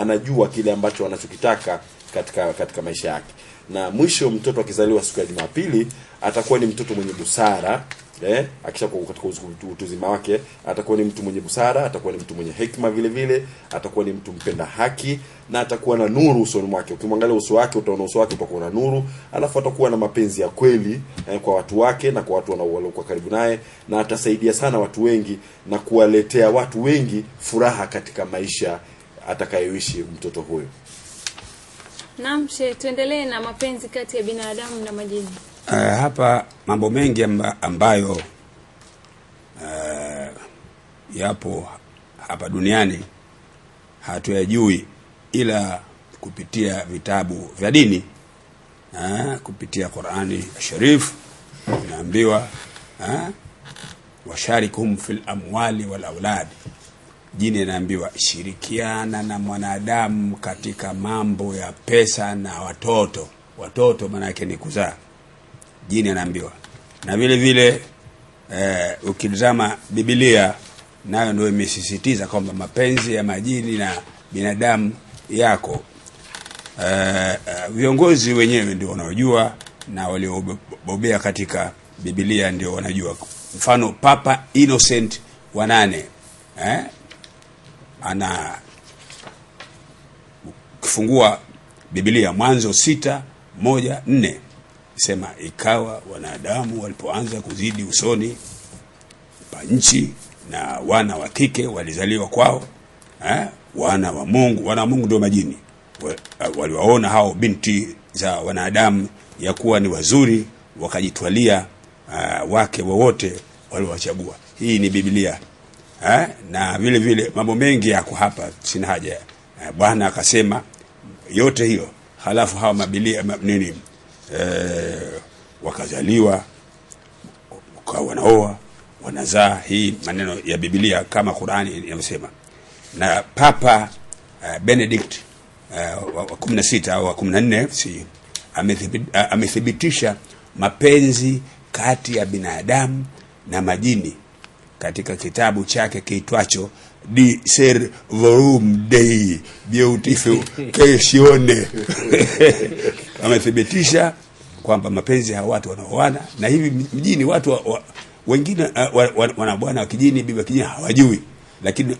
anajua kile ambacho anachokitaka katika katika maisha yake. Na mwisho mtoto akizaliwa siku ya Jumapili atakuwa ni mtoto mwenye busara eh, akishakuwa katika utu uzima wake atakuwa ni mtu mwenye busara, atakuwa ni mtu mwenye hekima vile vile, atakuwa ni mtu mpenda haki na atakuwa na nuru usoni mwake. Ukimwangalia uso wake, utaona uso wake utakuwa na nuru, alafu atakuwa na mapenzi ya kweli eh, kwa watu wake na kwa watu wanaokuwa karibu naye, na atasaidia sana watu wengi na kuwaletea watu wengi furaha katika maisha atakayeishi mtoto huyo naam tuendelee na mapenzi kati ya binadamu na majini uh, hapa mambo mengi ambayo uh, yapo hapa duniani hatuyajui ila kupitia vitabu vya dini uh, kupitia Qurani Sharif tunaambiwa washarikum fil amwali wal auladi jini inaambiwa shirikiana na mwanadamu katika mambo ya pesa na watoto. Watoto maana yake ni kuzaa, jini anaambiwa. Na vile vile eh, ukitazama Biblia nayo ndio imesisitiza kwamba mapenzi ya majini na binadamu yako. Eh, eh viongozi wenyewe ndio wanaojua na waliobobea katika Biblia ndio wanajua. Mfano Papa Innocent wa nane eh, ana kifungua Biblia Mwanzo sita moja nne sema, ikawa wanadamu walipoanza kuzidi usoni pa nchi na wana wa kike walizaliwa kwao eh, wana wa Mungu, wana wa Mungu ndio majini eh, waliwaona hao binti za wanadamu ya kuwa ni wazuri, wakajitwalia uh, wake wowote waliowachagua. Hii ni Biblia eh, na vile vile mambo mengi yako hapa, sina haja eh, Bwana akasema yote hiyo, halafu hawa mabilia nini eh, wakazaliwa kwa wanaoa wanazaa. Hii maneno ya Biblia kama Qurani inavyosema, na Papa uh, Benedict uh, wa 16 au wa 14 si amethibitisha mapenzi kati ya binadamu na majini katika kitabu chake kiitwacho Di Ser Vorum Dei Beautiful Creation amethibitisha kwamba mapenzi ya watu wanaoana na hivi mjini watu wa, wa, wengine uh, wa, wa, wa kijini bibi wa kijini hawajui, lakini